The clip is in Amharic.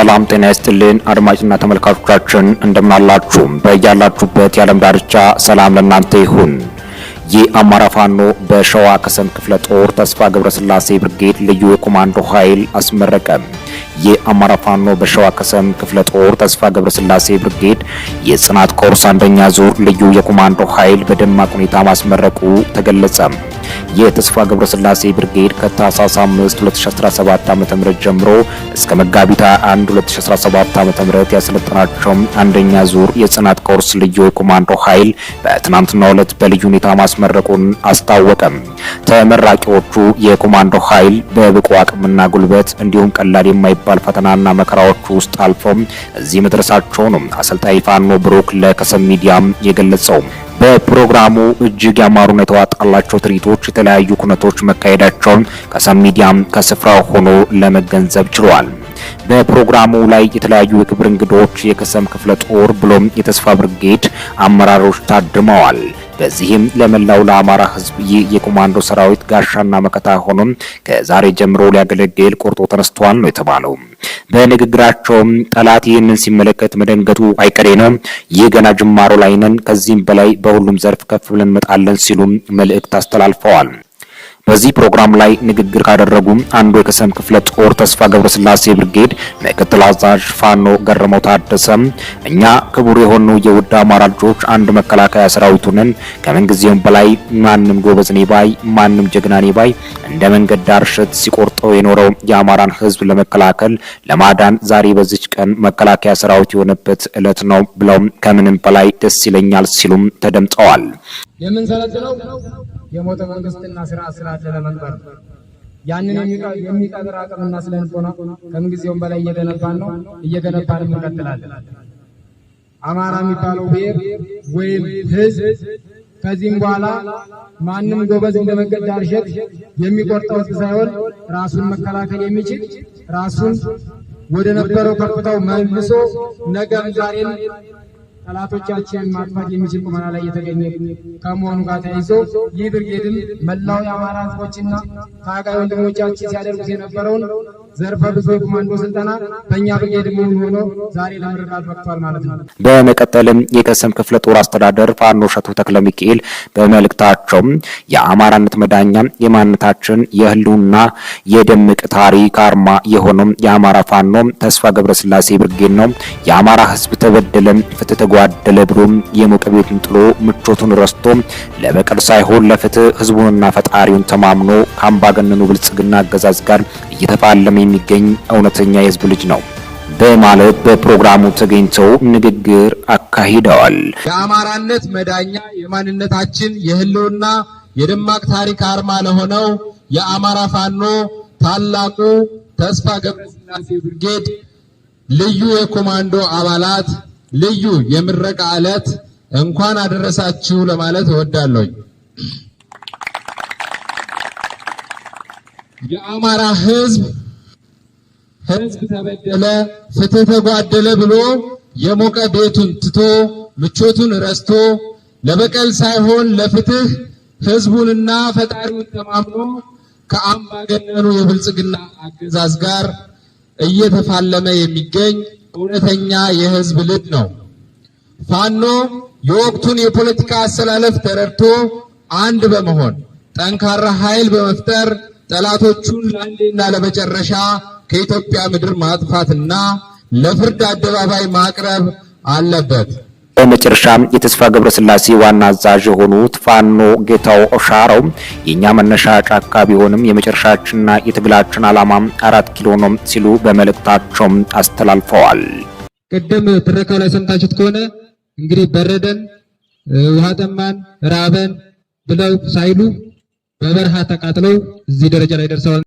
ሰላም ጤና ይስጥልን አድማጭና ተመልካቾቻችን እንደምናላችሁ በያላችሁበት የዓለም ዳርቻ ሰላም ለእናንተ ይሁን። አማራ ፋኖ በሸዋ ከሰም ክፍለ ጦር ተስፋ ገብረስላሴ ብርጌድ ልዩ የኮማንዶ ኃይል ይህ አማራ ፋኖ በሸዋ ከሰም ክፍለ ጦር ተስፋ ገብረስላሴ ብርጌድ የጽናት ኮርስ አንደኛ ዙር ልዩ የኮማንዶ ኃይል በደማቅ ሁኔታ ማስመረቁ ተገለጸም። የተስፋ ገብረስላሴ ብርጌድ ከታህሳስ 5 2017 ዓ.ም ጀምሮ እስከ መጋቢት 1 2017 ዓ.ም ያሰለጠናቸው አንደኛ ዙር የጽናት ኮርስ ልዩ የኮማንዶ ኃይል በትናንትናው ዕለት በልዩ ሁኔታ ማስመረቁን አስታወቀም። ተመራቂዎቹ የኮማንዶ ኃይል በብቁ አቅምና ጉልበት እንዲሁም ቀላል የማይባል ፈተናና መከራዎች ውስጥ አልፎም እዚህ መድረሳቸው ነው አሰልጣኝ ፋኖ ብሩክ ለከሰም ሚዲያም የገለጸው። በፕሮግራሙ እጅግ ያማሩና የተዋጣላቸው ትርኢቶች፣ የተለያዩ ኩነቶች መካሄዳቸውን ከሰም ሚዲያም ከስፍራው ሆኖ ለመገንዘብ ችሏል። በፕሮግራሙ ላይ የተለያዩ የክብር እንግዶች፣ የከሰም ክፍለ ጦር ብሎም የተስፋ ብርጌድ አመራሮች ታድመዋል። በዚህም ለመላው ለአማራ ህዝብ ይህ የኮማንዶ ሰራዊት ጋሻና መከታ ሆኖም ከዛሬ ጀምሮ ሊያገለግል ቆርጦ ተነስቷል ነው የተባለው። በንግግራቸውም ጠላት ይህንን ሲመለከት መደንገጡ አይቀሬ ነው። ይህ ገና ጅማሮ ላይ ነን፣ ከዚህም በላይ በሁሉም ዘርፍ ከፍ ብለን እንመጣለን ሲሉም መልእክት አስተላልፈዋል። በዚህ ፕሮግራም ላይ ንግግር ካደረጉ አንዱ የከሰም ክፍለ ጦር ተስፋ ገብረስላሴ ብርጌድ ምክትል አዛዥ ፋኖ ገረመው ታደሰ እኛ ክቡር የሆኑ የውድ አማራ ልጆች አንድ መከላከያ ሰራዊቱንን ከምን ጊዜውም በላይ ማንም ጎበዝ ኔባይ፣ ማንም ጀግና ኔባይ፣ እንደ መንገድ ዳር ሸት ሲቆርጠው የኖረው የአማራን ህዝብ ለመከላከል ለማዳን ዛሬ በዚች ቀን መከላከያ ሰራዊት የሆነበት ዕለት ነው ብለው ከምንም በላይ ደስ ይለኛል ሲሉም ተደምጠዋል። የምንሰለጥነው የሞተ መንግስትና ስራ ስርዓት ለመንበር ያንን የሚቀብር አቅምና ስለንቦና ከምንጊዜውም በላይ እየገነባን ነው፣ እየገነባን እንቀጥላለን። አማራ የሚባለው ብሔር ወይም ህዝብ ከዚህም በኋላ ማንም ጎበዝ እንደ መንገድ ዳር እሸት የሚቆርጠው ሳይሆን ራሱን መከላከል የሚችል ራሱን ወደ ነበረው ከፍታው መልሶ ነገም ዛሬን ጠላቶቻችንን ማጥፋት የሚችል ቁመና ላይ የተገኘ ከመሆኑ ጋር ተያይዞ ይህ ብርጌድም መላው የአማራ ሕዝቦችና ታጋይ ወንድሞቻችን ሲያደርጉት የነበረውን ዘርፈ ብዙ የኮማንዶ ስልጠና በእኛ ብዬ ድሞን ሆኖ ዛሬ ለምርቃት በቅቷል ማለት ነው። በመቀጠልም የቀሰም ክፍለ ጦር አስተዳደር ፋኖ ሸቱ ተክለ ሚካኤል በመልእክታቸው የአማራነት መዳኛ የማንነታችን የህልውና የደምቅ ታሪክ አርማ የሆነው የአማራ ፋኖ ተስፋ ገብረስላሴ ብርጌድ ነው። የአማራ ህዝብ ተበደለ፣ ፍትህ ተጓደለ ብሎ የሞቀ ቤቱን ጥሎ ምቾቱን ረስቶ ለበቀል ሳይሆን ለፍትህ ህዝቡንና ፈጣሪውን ተማምኖ ከአምባገነኑ ብልጽግና አገዛዝ ጋር እየተፋለመ የሚገኝ እውነተኛ የህዝብ ልጅ ነው በማለት በፕሮግራሙ ተገኝተው ንግግር አካሂደዋል። የአማራነት መዳኛ የማንነታችን የህልውና የደማቅ ታሪክ አርማ ለሆነው የአማራ ፋኖ ታላቁ ተስፋ ገብረስላሴ ብርጌድ ልዩ የኮማንዶ አባላት ልዩ የምረቃ ዕለት እንኳን አደረሳችሁ ለማለት እወዳለሁ። የአማራ ህዝብ ህዝብ ተበደለ፣ ፍትህ ተጓደለ ብሎ የሞቀ ቤቱን ትቶ ምቾቱን ረስቶ ለበቀል ሳይሆን ለፍትህ ህዝቡንና ፈጣሪውን ተማምኖ ከአምባገነኑ የብልጽግና አገዛዝ ጋር እየተፋለመ የሚገኝ እውነተኛ የህዝብ ልድ ነው። ፋኖ የወቅቱን የፖለቲካ አሰላለፍ ተረድቶ አንድ በመሆን ጠንካራ ኃይል በመፍጠር ጠላቶቹን ለአንዴና ለመጨረሻ ከኢትዮጵያ ምድር ማጥፋትና ለፍርድ አደባባይ ማቅረብ አለበት። በመጨረሻም የተስፋ ገብረስላሴ ዋና አዛዥ የሆኑት ፋኖ ጌታው ሻረው የእኛ መነሻ ጫካ ቢሆንም የመጨረሻችንና የትግላችን ዓላማ አራት ኪሎ ነው ሲሉ በመልእክታቸውም አስተላልፈዋል። ቅድም ትረካው ላይ ሰምታችሁት ከሆነ እንግዲህ በረደን፣ ውሃ ጠማን፣ ራበን ብለው ሳይሉ በበረሃ ተቃጥለው እዚህ ደረጃ ላይ ደርሰዋል።